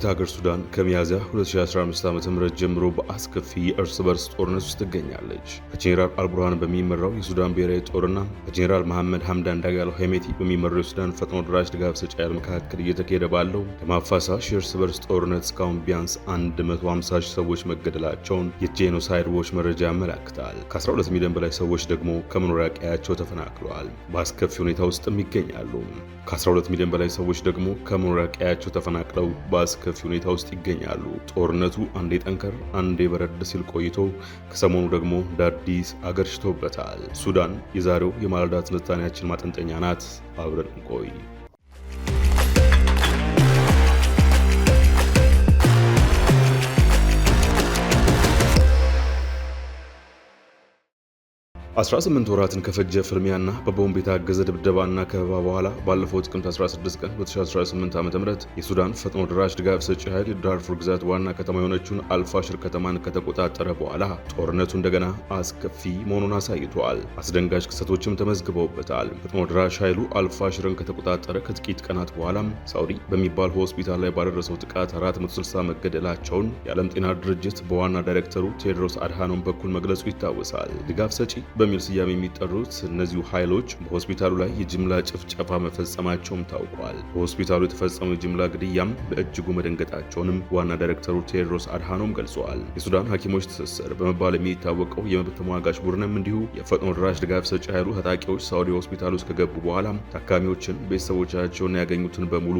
ጎረቤት ሀገር ሱዳን ከሚያዝያ 2015 ዓ ም ጀምሮ በአስከፊ የእርስ በርስ ጦርነት ውስጥ ትገኛለች። ከጄኔራል አልቡርሃን በሚመራው የሱዳን ብሔራዊ ጦርና ከጄኔራል መሐመድ ሐምዳን ዳጋሎ ሄሜቲ በሚመራው የሱዳን ፈጥኖ ደራሽ ድጋፍ ሰጪ ኃይል መካከል እየተካሄደ ባለው ደም አፋሳሽ የእርስ በርስ ጦርነት እስካሁን ቢያንስ 150 ሺህ ሰዎች መገደላቸውን የጄኖሳይድ ዎች መረጃ ያመላክታል። ከ12 ሚሊዮን በላይ ሰዎች ደግሞ ከመኖሪያ ቀያቸው ተፈናቅለዋል፣ በአስከፊ ሁኔታ ውስጥም ይገኛሉ። ከ12 ሚሊዮን በላይ ሰዎች ደግሞ ከመኖሪያ ቀያቸው ተፈናቅለው በአስከፊ ሰፊ ሁኔታ ውስጥ ይገኛሉ። ጦርነቱ አንዴ ጠንከር አንዴ በረድ ሲል ቆይቶ ከሰሞኑ ደግሞ ዳዲስ አገርሽቶበታል። ሱዳን የዛሬው የማለዳ ትንታኔያችን ማጠንጠኛ ናት። አብረን እንቆይ። 18 ወራትን ከፈጀ ፍልሚያና በቦምብ የታገዘ ድብደባና ከበባ በኋላ ባለፈው ጥቅምት 16 ቀን 2018 ዓ ም የሱዳን ፈጥኖ ድራሽ ድጋፍ ሰጪ ኃይል ዳርፉር ግዛት ዋና ከተማ የሆነችውን አልፋሽር ከተማን ከተቆጣጠረ በኋላ ጦርነቱ እንደገና አስከፊ መሆኑን አሳይቷል። አስደንጋጭ ክስተቶችም ተመዝግበውበታል። ፈጥኖ ድራሽ ኃይሉ አልፋሽርን ከተቆጣጠረ ከጥቂት ቀናት በኋላም ሳውዲ በሚባል ሆስፒታል ላይ ባደረሰው ጥቃት 460 መገደላቸውን የዓለም ጤና ድርጅት በዋና ዳይሬክተሩ ቴድሮስ አድሃኖም በኩል መግለጹ ይታወሳል። ድጋፍ ሰጪ በሚል ስያሜ የሚጠሩት እነዚሁ ኃይሎች በሆስፒታሉ ላይ የጅምላ ጭፍጨፋ መፈጸማቸውም ታውቋል። በሆስፒታሉ የተፈጸመው የጅምላ ግድያም በእጅጉ መደንገጣቸውንም ዋና ዳይሬክተሩ ቴዎድሮስ አድሃኖም ገልጸዋል። የሱዳን ሐኪሞች ትስስር በመባል የሚታወቀው የመብት ተሟጋች ቡድንም እንዲሁ የፈጥኖ ድራሽ ድጋፍ ሰጪ ኃይሉ ታጣቂዎች ሳውዲ ሆስፒታል ውስጥ ከገቡ በኋላ ታካሚዎችን፣ ቤተሰቦቻቸውን ያገኙትን በሙሉ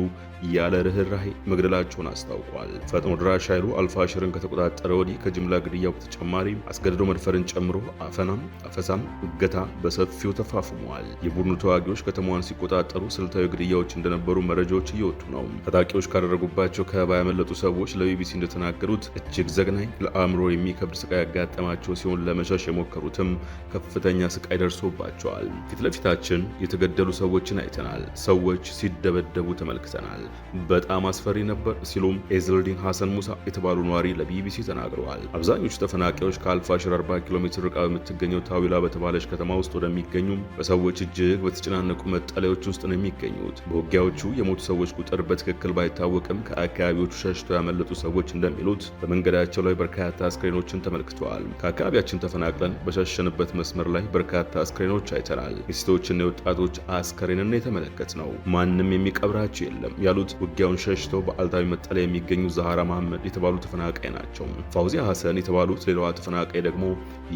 ያለ ርኅራሄ መግደላቸውን አስታውቋል። ፈጥኖ ድራሽ ኃይሉ አልፋሽርን ከተቆጣጠረ ወዲህ ከጅምላ ግድያው በተጨማሪ አስገድዶ መድፈርን ጨምሮ አፈናም፣ አፈሳም ሰላም እገታ በሰፊው ተፋፍሟል። የቡድኑ ተዋጊዎች ከተማዋን ሲቆጣጠሩ ስልታዊ ግድያዎች እንደነበሩ መረጃዎች እየወጡ ነው። ታጣቂዎች ካደረጉባቸው ከበባ ያመለጡ ሰዎች ለቢቢሲ እንደተናገሩት እጅግ ዘግናኝ፣ ለአእምሮ የሚከብድ ስቃይ ያጋጠማቸው ሲሆን ለመሸሽ የሞከሩትም ከፍተኛ ስቃይ ደርሶባቸዋል። ፊት ለፊታችን የተገደሉ ሰዎችን አይተናል። ሰዎች ሲደበደቡ ተመልክተናል። በጣም አስፈሪ ነበር ሲሉም ኤዝልዲን ሐሰን ሙሳ የተባሉ ነዋሪ ለቢቢሲ ተናግረዋል። አብዛኞቹ ተፈናቃዮች ከአልፋሽር 40 ኪሎ ሜትር ርቃ በምትገኘው ታዊላ በተባለች ከተማ ውስጥ ወደሚገኙም በሰዎች እጅግ በተጨናነቁ መጠለያዎች ውስጥ ነው የሚገኙት። በውጊያዎቹ የሞቱ ሰዎች ቁጥር በትክክል ባይታወቅም ከአካባቢዎቹ ሸሽተው ያመለጡ ሰዎች እንደሚሉት በመንገዳቸው ላይ በርካታ አስክሬኖችን ተመልክተዋል። ከአካባቢያችን ተፈናቅለን በሸሸንበት መስመር ላይ በርካታ አስክሬኖች አይተናል። የሴቶችና የወጣቶች አስከሬንን የተመለከት ነው። ማንም የሚቀብራቸው የለም ያሉት ውጊያውን ሸሽተው በአልታዊ መጠለያ የሚገኙ ዛሃራ መሐመድ የተባሉ ተፈናቃይ ናቸው። ፋውዚያ ሐሰን የተባሉት ሌላዋ ተፈናቃይ ደግሞ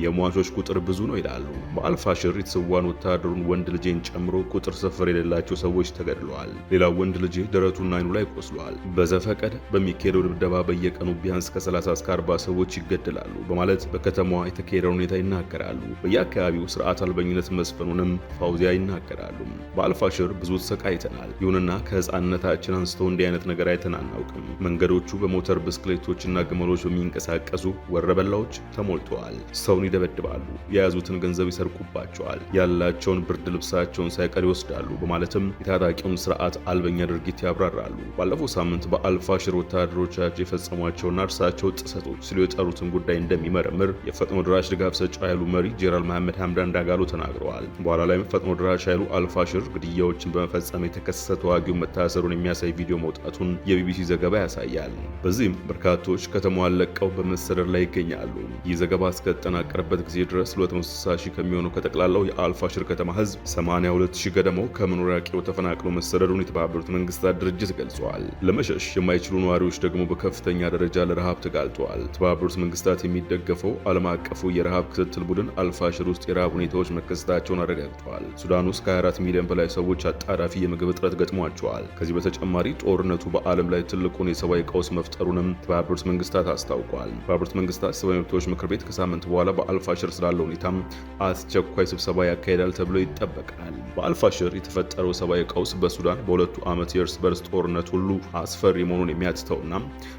የሟቾች ቁጥር ብዙ ነው ይላል። ይገኛሉ። በአልፋሽር የተሰዋን ወታደሩን ወንድ ልጄን ጨምሮ ቁጥር ስፍር የሌላቸው ሰዎች ተገድለዋል። ሌላው ወንድ ልጄ ደረቱና አይኑ ላይ ቆስሏል። በዘፈቀደ በሚካሄደው ድብደባ በየቀኑ ቢያንስ ከ30 እስከ 40 ሰዎች ይገደላሉ በማለት በከተማዋ የተካሄደውን ሁኔታ ይናገራሉ። በየአካባቢው ስርዓት አልበኝነት መስፈኑንም ፋውዚያ ይናገራሉ። በአልፋሽር ብዙ ተሰቃይተናል። ይሁንና ከህፃንነታችን አንስቶ እንዲህ አይነት ነገር አይተን አናውቅም። መንገዶቹ በሞተር ብስክሌቶችና ግመሎች በሚንቀሳቀሱ ወረበላዎች ተሞልተዋል። ሰውን ይደበድባሉ። የያዙትን ገንዘብ ይሰርቁባቸዋል፣ ያላቸውን ብርድ ልብሳቸውን ሳይቀር ይወስዳሉ በማለትም የታጣቂውን ስርዓት አልበኛ ድርጊት ያብራራሉ። ባለፈው ሳምንት በአልፋሽር ወታደሮቻቸው የፈጸሟቸውና እርሳቸው ጥሰቶች ሲሉ የጠሩትን ጉዳይ እንደሚመረምር የፈጥኖ ድራሽ ድጋፍ ሰጪ ኃይሉ መሪ ጄራል መሐመድ ሀምዳን ዳጋሎ ተናግረዋል። በኋላ ላይም ፈጥኖ ድራሽ ኃይሉ አልፋሽር ግድያዎችን በመፈጸም የተከሰሰ ተዋጊው መታሰሩን የሚያሳይ ቪዲዮ መውጣቱን የቢቢሲ ዘገባ ያሳያል። በዚህም በርካቶች ከተማዋን ለቀው በመሰደድ ላይ ይገኛሉ። ይህ ዘገባ እስከተጠናቀረበት ጊዜ ድረስ ሺህ ከሚሆነው ከጠቅላላው የአልፋሽር ከተማ ህዝብ 82 ሺህ ገደማው ከመኖሪያ ቀዬው ተፈናቅሎ መሰደዱን የተባበሩት መንግስታት ድርጅት ገልጿል። ለመሸሽ የማይችሉ ነዋሪዎች ደግሞ በከፍተኛ ደረጃ ለረሃብ ተጋልጠዋል። የተባበሩት መንግስታት የሚደገፈው ዓለም አቀፉ የረሃብ ክትትል ቡድን አልፋሽር ውስጥ የረሃብ ሁኔታዎች መከሰታቸውን አረጋግጧል። ሱዳን ውስጥ ከ24 ሚሊዮን በላይ ሰዎች አጣዳፊ የምግብ እጥረት ገጥሟቸዋል። ከዚህ በተጨማሪ ጦርነቱ በዓለም ላይ ትልቁን የሰብአዊ ቀውስ መፍጠሩንም የተባበሩት መንግስታት አስታውቋል። የተባበሩት መንግስታት ሰብአዊ መብቶች ምክር ቤት ከሳምንት በኋላ በአልፋሽር ስላለው ሁኔታም አስቸኳይ ስብሰባ ያካሄዳል ተብሎ ይጠበቃል። በአልፋሽር የተፈጠረው ሰብአዊ ቀውስ በሱዳን በሁለቱ ዓመት የእርስ በርስ ጦርነት ሁሉ አስፈሪ መሆኑን የሚያትተውና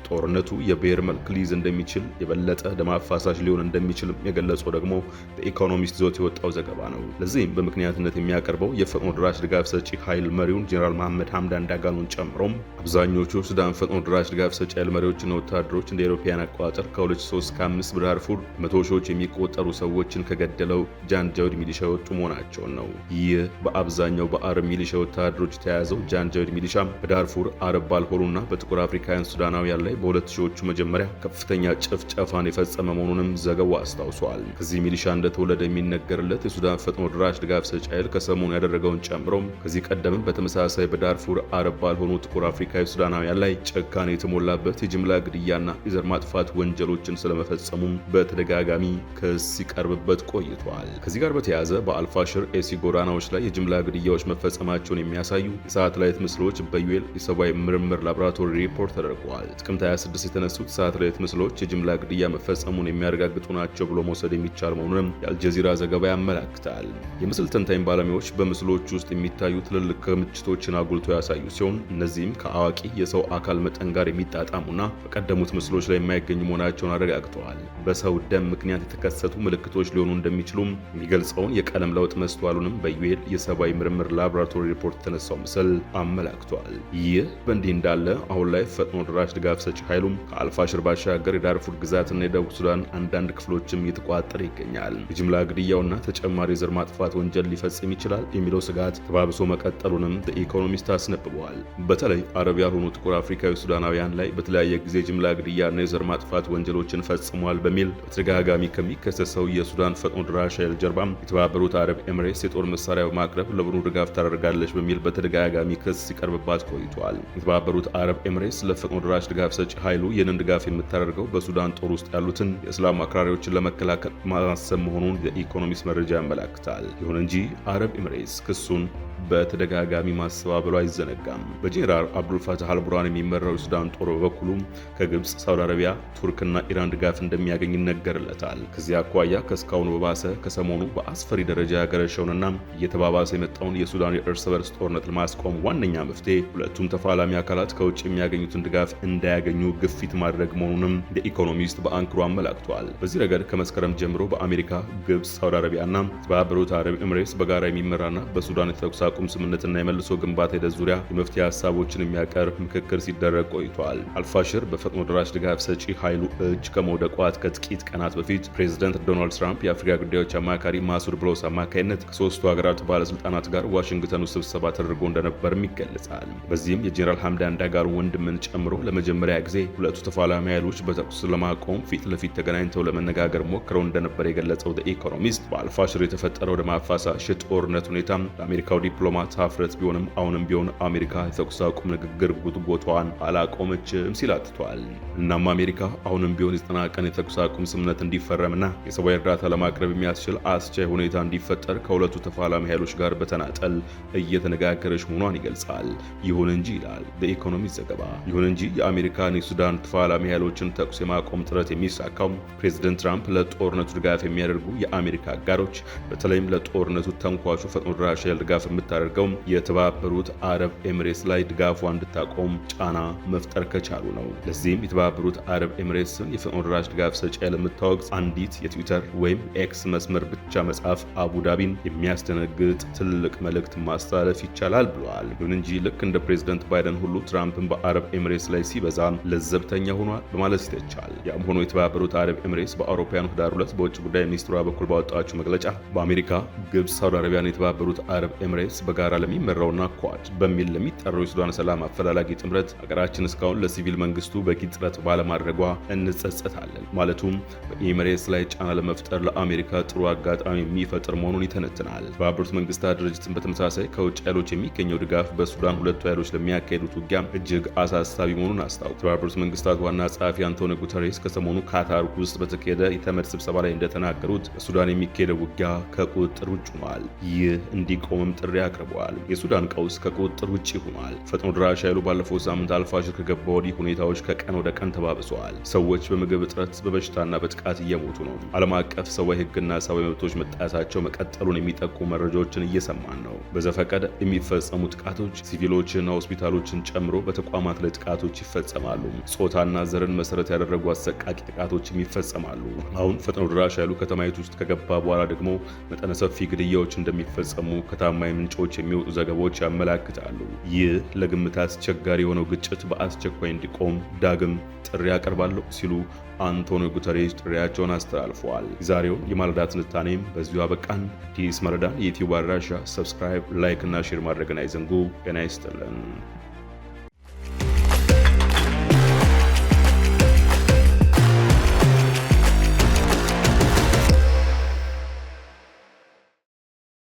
ጦርነቱ የብሔር መልክ ሊይዝ እንደሚችል የበለጠ ደም አፋሳሽ ሊሆን እንደሚችል የገለጸው ደግሞ በኢኮኖሚስት ዞት የወጣው ዘገባ ነው። ለዚህም በምክንያትነት የሚያቀርበው የፈጥኖ ድራሽ ድጋፍ ሰጪ ኃይል መሪውን ጀኔራል መሐመድ ሀምዳን ዳጋሎን ጨምሮም አብዛኞቹ ሱዳን ፈጥኖ ድራሽ ድጋፍ ሰጪ ኃይል መሪዎችና ወታደሮች እንደ አውሮፓውያን አቆጣጠር ከ23 እስከ 5 በዳርፉር መቶ ሺዎች የሚቆጠሩ ሰዎችን ከገደለው ያለው ጃንጃዊድ ሚሊሻዎች መሆናቸውን ነው። ይህ በአብዛኛው በአረብ ሚሊሻ ወታደሮች የተያዘው ጃንጃዊድ ሚሊሻ በዳርፉር አረብ ባልሆኑና በጥቁር አፍሪካውያን ሱዳናውያን ላይ በሁለት ሺዎቹ መጀመሪያ ከፍተኛ ጭፍጨፋን የፈጸመ መሆኑንም ዘገባው አስታውሷል። ከዚህ ሚሊሻ እንደተወለደ የሚነገርለት የሱዳን ፈጥኖ ድራሽ ድጋፍ ሰጪ ኃይል ከሰሞኑ ያደረገውን ጨምሮ ከዚህ ቀደምም በተመሳሳይ በዳርፉር አረብ ባልሆኑ ጥቁር አፍሪካዊ ሱዳናውያን ላይ ጭካኔ የተሞላበት የጅምላ ግድያና የዘር ማጥፋት ወንጀሎችን ስለመፈጸሙም በተደጋጋሚ ክስ ሲቀርብበት ቆይቷል። ተመልክተዋል። ከዚህ ጋር በተያያዘ በአልፋሽር ኤሲ ጎዳናዎች ላይ የጅምላ ግድያዎች መፈጸማቸውን የሚያሳዩ የሳተላይት ምስሎች በዩኤል የሰብአዊ ምርምር ላቦራቶሪ ሪፖርት ተደርገዋል። ጥቅምት 26 የተነሱት ሳተላይት ምስሎች የጅምላ ግድያ መፈጸሙን የሚያረጋግጡ ናቸው ብሎ መውሰድ የሚቻል መሆኑንም የአልጀዚራ ዘገባ ያመላክታል። የምስል ተንታኝ ባለሙያዎች በምስሎች ውስጥ የሚታዩ ትልልቅ ክምችቶችን አጉልቶ ያሳዩ ሲሆን እነዚህም ከአዋቂ የሰው አካል መጠን ጋር የሚጣጣሙና በቀደሙት ምስሎች ላይ የማይገኙ መሆናቸውን አረጋግጠዋል። በሰው ደም ምክንያት የተከሰቱ ምልክቶች ሊሆኑ እንደሚችሉ ምስሉም የሚገልጸውን የቀለም ለውጥ መስተዋሉንም በዩኤል የሰብአዊ ምርምር ላቦራቶሪ ሪፖርት የተነሳው ምስል አመላክቷል። ይህ በእንዲህ እንዳለ አሁን ላይ ፈጥኖ ድራሽ ድጋፍ ሰጪ ኃይሉም ከአልፋሽር ባሻገር የዳርፉር ግዛትና የደቡብ ሱዳን አንዳንድ ክፍሎችም እየተቆጣጠረ ይገኛል። የጅምላ ግድያውና ተጨማሪ የዘር ማጥፋት ወንጀል ሊፈጽም ይችላል የሚለው ስጋት ተባብሶ መቀጠሉንም ኢኮኖሚስት አስነብበዋል። በተለይ አረብ ያልሆኑ ጥቁር አፍሪካዊ ሱዳናውያን ላይ በተለያየ ጊዜ ጅምላ ግድያና የዘር ማጥፋት ወንጀሎችን ፈጽሟል በሚል በተደጋጋሚ ከሚከሰሰው የሱዳን ፈጥኖ ድራ ከሻኤል ጀርባ የተባበሩት አረብ ኤምሬትስ የጦር መሳሪያ በማቅረብ ለቡድኑ ድጋፍ ታደርጋለች በሚል በተደጋጋሚ ክስ ሲቀርብባት ቆይቷል። የተባበሩት አረብ ኤምሬትስ ለፈጥኖ ደራሽ ድጋፍ ሰጪ ኃይሉ ይህንን ድጋፍ የምታደርገው በሱዳን ጦር ውስጥ ያሉትን የእስላም አክራሪዎችን ለመከላከል ማሰብ መሆኑን የኢኮኖሚስት መረጃ ያመላክታል። ይሁን እንጂ አረብ ኤምሬትስ ክሱን በተደጋጋሚ ማስተባበሉ አይዘነጋም። በጄኔራል አብዱልፋታህ አልቡርሃን የሚመራው የሱዳን ጦር በበኩሉ ከግብፅ፣ ሳውዲ አረቢያ፣ ቱርክና ኢራን ድጋፍ እንደሚያገኝ ይነገርለታል። ከዚህ አኳያ ከእስካሁኑ በባሰ ከሰሞኑ በአስፈሪ ደረጃ ያገረሸውንና እየተባባሰ የመጣውን የሱዳን የእርስ በርስ ጦርነት ለማስቆም ዋነኛ መፍትሄ ሁለቱም ተፋላሚ አካላት ከውጭ የሚያገኙትን ድጋፍ እንዳያገኙ ግፊት ማድረግ መሆኑንም ኢኮኖሚስት በአንክሮ አመላክቷል። በዚህ ረገድ ከመስከረም ጀምሮ በአሜሪካ፣ ግብፅ፣ ሳውዲ አረቢያና በተባበሩት አረብ ኤምሬትስ በጋራ የሚመራና በሱዳን የተኩስ የአቁም ስምምነትና የመልሶ ግንባታ ሂደት ዙሪያ የመፍትሄ ሀሳቦችን የሚያቀርብ ምክክር ሲደረግ ቆይቷል። አልፋሽር በፈጥኖ ደራሽ ድጋፍ ሰጪ ኃይሉ እጅ ከመውደቋት ከጥቂት ቀናት በፊት ፕሬዚደንት ዶናልድ ትራምፕ የአፍሪካ ጉዳዮች አማካሪ ማሱድ ብሎስ አማካይነት ከሶስቱ ሀገራት ባለስልጣናት ጋር ዋሽንግተኑ ስብሰባ ተደርጎ እንደነበርም ይገለጻል። በዚህም የጄኔራል ሐምዳን ዳጋሎ ወንድምን ጨምሮ ለመጀመሪያ ጊዜ ሁለቱ ተፋላሚ ኃይሎች በተኩስ ለማቆም ፊት ለፊት ተገናኝተው ለመነጋገር ሞክረው እንደነበር የገለጸው ኢኮኖሚስት በአልፋሽር የተፈጠረው ደም አፋሳሽ ጦርነት ሁኔታ ለአሜሪካው ዲፕሎ ዲፕሎማት ሀፍረት ቢሆንም አሁንም ቢሆን አሜሪካ የተኩስ አቁም ንግግር ጉትጎቷን አላቆመችም ሲል አትቷል። እናም አሜሪካ አሁንም ቢሆን የዘጠና ቀን የተኩስ አቁም ስምምነት እንዲፈረምና የሰብአዊ እርዳታ ለማቅረብ የሚያስችል አስቻይ ሁኔታ እንዲፈጠር ከሁለቱ ተፋላሚ ኃይሎች ጋር በተናጠል እየተነጋገረች መሆኗን ይገልጻል። ይሁን እንጂ ይላል በኢኮኖሚ ዘገባ፣ ይሁን እንጂ የአሜሪካን የሱዳን ተፋላሚ ኃይሎችን ተኩስ የማቆም ጥረት የሚሳካው ፕሬዚደንት ትራምፕ ለጦርነቱ ድጋፍ የሚያደርጉ የአሜሪካ አጋሮች በተለይም ለጦርነቱ ተንኳቹ ፈጥኖ ድራሽ ኃይል ድጋፍ የምታ የምታደርገው የተባበሩት አረብ ኤምሬትስ ላይ ድጋፏ እንድታቆም ጫና መፍጠር ከቻሉ ነው። ለዚህም የተባበሩት አረብ ኤምሬትስን የፈጥኖ ደራሽ ድጋፍ ሰጪ ለምታወቅ አንዲት የትዊተር ወይም ኤክስ መስመር ብቻ መጻፍ አቡዳቢን የሚያስደነግጥ ትልቅ መልእክት ማስተላለፍ ይቻላል ብለዋል። ይሁን እንጂ ልክ እንደ ፕሬዚደንት ባይደን ሁሉ ትራምፕን በአረብ ኤምሬትስ ላይ ሲበዛ ለዘብተኛ ሆኗል በማለት ይተቻል። ያም ሆኖ የተባበሩት አረብ ኤምሬትስ በአውሮፓውያኑ ህዳር ሁለት በውጭ ጉዳይ ሚኒስትሯ በኩል ባወጣችው መግለጫ በአሜሪካ፣ ግብፅ፣ ሳውዲ አረቢያን የተባበሩት አረብ ኤምሬትስ በጋራ ለሚመራውና ኳድ በሚል ለሚጠራው የሱዳን ሰላም አፈላላጊ ጥምረት ሀገራችን እስካሁን ለሲቪል መንግስቱ በቂ ጥረት ባለማድረጓ እንጸጸታለን ማለቱም በኢሚሬትስ ላይ ጫና ለመፍጠር ለአሜሪካ ጥሩ አጋጣሚ የሚፈጥር መሆኑን ይተነትናል። በአብሮት መንግስታት ድርጅትን በተመሳሳይ ከውጭ ኃይሎች የሚገኘው ድጋፍ በሱዳን ሁለቱ ኃይሎች ለሚያካሄዱት ውጊያ እጅግ አሳሳቢ መሆኑን አስታውቅ የተባበሩት መንግስታት ዋና ጸሐፊ አንቶኒ ጉተሬስ ከሰሞኑ ካታር ውስጥ በተካሄደ የተመድ ስብሰባ ላይ እንደተናገሩት በሱዳን የሚካሄደው ውጊያ ከቁጥጥር ውጭ ሆኗል። ይህ እንዲቆምም ጥሪ አቅርበዋል። የሱዳን ቀውስ ከቁጥጥር ውጭ ሆኗል። ፈጥኖ ድራሽ ኃይሉ ባለፈው ሳምንት አልፋሽር ከገባ ወዲህ ሁኔታዎች ከቀን ወደ ቀን ተባብሰዋል። ሰዎች በምግብ እጥረት፣ በበሽታና በጥቃት እየሞቱ ነው። ዓለም አቀፍ ሰብአዊ ህግና ሰብአዊ መብቶች መጣሳቸው መቀጠሉን የሚጠቁ መረጃዎችን እየሰማን ነው። በዘፈቀደ የሚፈጸሙ ጥቃቶች ሲቪሎችንና ሆስፒታሎችን ጨምሮ በተቋማት ላይ ጥቃቶች ይፈጸማሉ። ጾታና ዘርን መሰረት ያደረጉ አሰቃቂ ጥቃቶችም ይፈጸማሉ። አሁን ፈጥኖ ድራሽ ኃይሉ ከተማይቱ ውስጥ ከገባ በኋላ ደግሞ መጠነ ሰፊ ግድያዎች እንደሚፈጸሙ ከታማኝ ምንጮች ምንጮች የሚወጡ ዘገባዎች ያመላክታሉ። ይህ ለግምት አስቸጋሪ የሆነው ግጭት በአስቸኳይ እንዲቆም ዳግም ጥሪ ያቀርባለሁ ሲሉ አንቶኒዮ ጉተሬሽ ጥሪያቸውን አስተላልፈዋል። የዛሬው የማለዳ ትንታኔም በዚሁ አበቃን። ዲስ ማለዳን የዩቲዩብ አድራሻ ሰብስክራይብ፣ ላይክ እና ሼር ማድረግን አይዘንጉ። ጤና ይስጥልን።